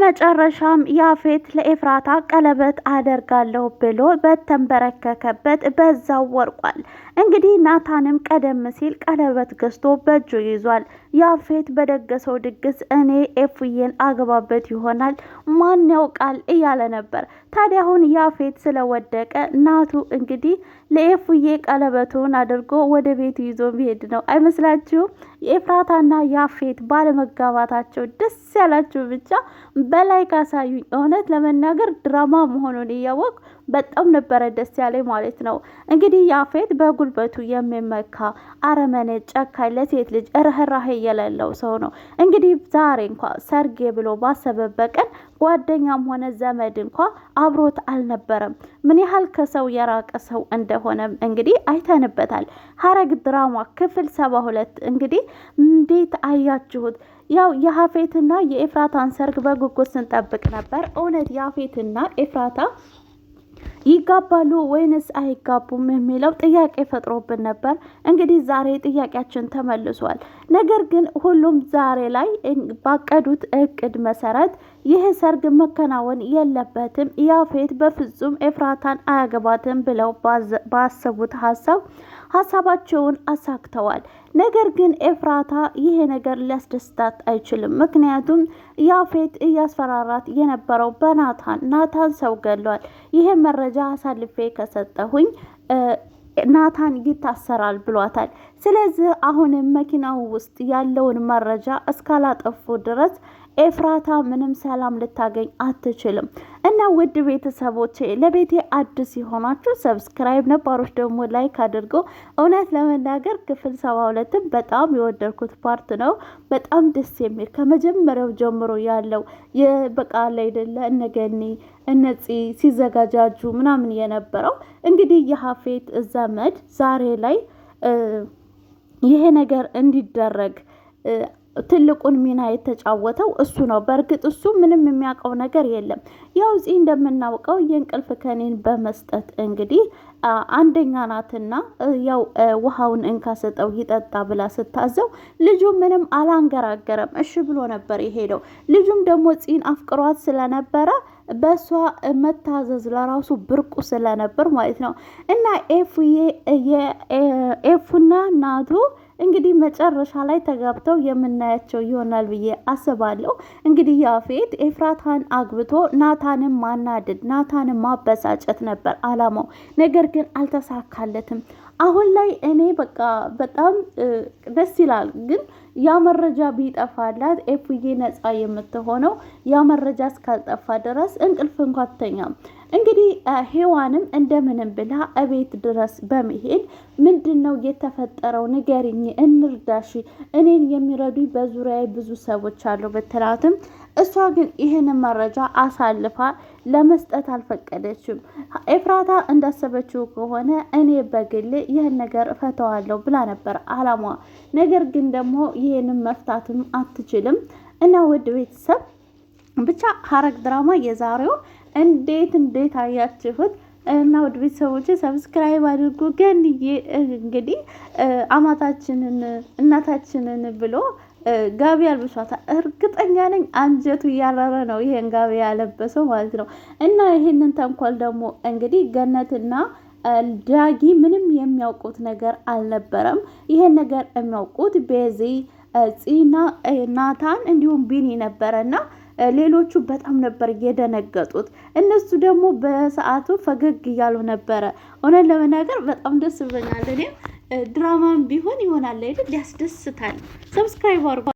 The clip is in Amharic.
በመጨረሻም ያፌት ለኤፍራታ ቀለበት አደርጋለሁ ብሎ በተንበረከከበት በዛው ወርቋል። እንግዲህ ናታንም ቀደም ሲል ቀለበት ገዝቶ በእጁ ይዟል። ያፌት በደገሰው ድግስ እኔ ኤፍዬን አግባበት ይሆናል ማን ያውቃል እያለ ነበር። ታዲያ አሁን ያፌት ስለወደቀ እናቱ እንግዲህ ለኤፉዬ ቀለበቱን አድርጎ ወደ ቤቱ ይዞ ሚሄድ ነው። አይመስላችሁም? የኤፍራታና ያፌት ባለመጋባታቸው ደስ ያላችሁ ብቻ በላይ ካሳዩኝ። እውነት ለመናገር ድራማ መሆኑን እያወቅ በጣም ነበረ ደስ ያለኝ ማለት ነው። እንግዲህ ያፌት በጉልበቱ የሚመካ አረመኔ፣ ጨካኝ፣ ለሴት ልጅ ርህራሄ የሌለው ሰው ነው። እንግዲህ ዛሬ እንኳ ሰርጌ ብሎ ባሰበበት ቀን ጓደኛም ሆነ ዘመድ እንኳ አብሮት አልነበረም። ምን ያህል ከሰው የራቀ ሰው እንደሆነም እንግዲህ አይተንበታል። ሀረግ ድራማ ክፍል ሰባ ሁለት እንግዲህ እንዴት አያችሁት? ያው የሀፌትና የኤፍራታን ሰርግ በጉጉት ስንጠብቅ ነበር። እውነት የሀፌትና ኤፍራታ ይጋባሉ ወይንስ አይጋቡም የሚለው ጥያቄ ፈጥሮብን ነበር። እንግዲህ ዛሬ ጥያቄያችን ተመልሷል። ነገር ግን ሁሉም ዛሬ ላይ ባቀዱት እቅድ መሰረት ይህ ሰርግ መከናወን የለበትም፣ ያፌት በፍጹም ኤፍራታን አያገባትም ብለው ባሰቡት ሀሳብ ሀሳባቸውን አሳክተዋል። ነገር ግን ኤፍራታ ይሄ ነገር ሊያስደስታት አይችልም። ምክንያቱም ያፌት እያስፈራራት የነበረው በናታን ናታን ሰው ገሏል፣ ይሄ መረጃ አሳልፌ ከሰጠሁኝ ናታን ይታሰራል ብሏታል። ስለዚህ አሁንም መኪናው ውስጥ ያለውን መረጃ እስካላጠፉ ድረስ ኤፍራታ ምንም ሰላም ልታገኝ አትችልም። እና ውድ ቤተሰቦቼ ለቤቴ አዲስ የሆናችሁ ሰብስክራይብ፣ ነባሮች ደግሞ ላይክ አድርገው። እውነት ለመናገር ክፍል ሰባ ሁለትም በጣም የወደድኩት ፓርት ነው። በጣም ደስ የሚል ከመጀመሪያው ጀምሮ ያለው የበቃ ላይደለ እነገኒ እነጺ ሲዘጋጃጁ ምናምን የነበረው እንግዲህ የሀፌት ዘመድ ዛሬ ላይ ይሄ ነገር እንዲደረግ ትልቁን ሚና የተጫወተው እሱ ነው። በእርግጥ እሱ ምንም የሚያውቀው ነገር የለም። ያው እዚህ እንደምናውቀው የእንቅልፍ ከኔን በመስጠት እንግዲህ አንደኛ ናትና ያው ውሃውን እንካ ይጠጣ ብላ ስታዘው ልጁ ምንም አላንገራገረም፣ እሺ ብሎ ነበር የሄደው። ልጁም ደግሞ ጺን አፍቅሯት ስለነበረ በእሷ መታዘዝ ለራሱ ብርቁ ስለነበር ማለት ነው እና ኤፉዬ ኤፉና ናቱ እንግዲህ መጨረሻ ላይ ተጋብተው የምናያቸው ይሆናል ብዬ አስባለሁ። እንግዲህ ያፌት ኤፍራታን አግብቶ ናታንን ማናደድ፣ ናታንን ማበሳጨት ነበር አላማው። ነገር ግን አልተሳካለትም። አሁን ላይ እኔ በቃ በጣም ደስ ይላል ግን ያ መረጃ ቢጠፋላት ኤፍዬ ነፃ የምትሆነው ያ መረጃ እስካልጠፋ ድረስ እንቅልፍ እንኳ አትተኛም። እንግዲህ ሄዋንም እንደምንም ብላ እቤት ድረስ በመሄድ ምንድን ነው የተፈጠረው? ንገሪኝ፣ እንርዳሽ፣ እኔን የሚረዱኝ በዙሪያ ብዙ ሰዎች አሉ ብትላትም እሷ ግን ይህንን መረጃ አሳልፋ ለመስጠት አልፈቀደችም። ኤፍራታ እንዳሰበችው ከሆነ እኔ በግል ይህን ነገር እፈተዋለሁ ብላ ነበር አላማ። ነገር ግን ደግሞ ይህንን መፍታትም አትችልም እና ውድ ቤተሰብ ብቻ ሐረግ ድራማ የዛሬው እንዴት እንዴት አያችሁት? እና ውድ ቤተሰቦች ሰብስክራይብ አድርጉ ገንዬ እንግዲህ አማታችንን እናታችንን ብሎ ጋቢ አልብሷታል። እርግጠኛ ነኝ አንጀቱ እያረረ ነው ይሄን ጋቢ ያለበሰው ማለት ነው። እና ይሄንን ተንኮል ደግሞ እንግዲህ ገነትና ዳጊ ምንም የሚያውቁት ነገር አልነበረም። ይሄን ነገር የሚያውቁት ቤዚ፣ ፂና፣ ናታን እንዲሁም ቢኒ ነበረና ሌሎቹ በጣም ነበር የደነገጡት። እነሱ ደግሞ በሰዓቱ ፈገግ እያሉ ነበረ። እውነት ለመናገር በጣም ደስ ብሎኛል። እኔም ድራማም ቢሆን ይሆናል አይደል? ያስደስታል። ሰብስክራይብ አድርጓ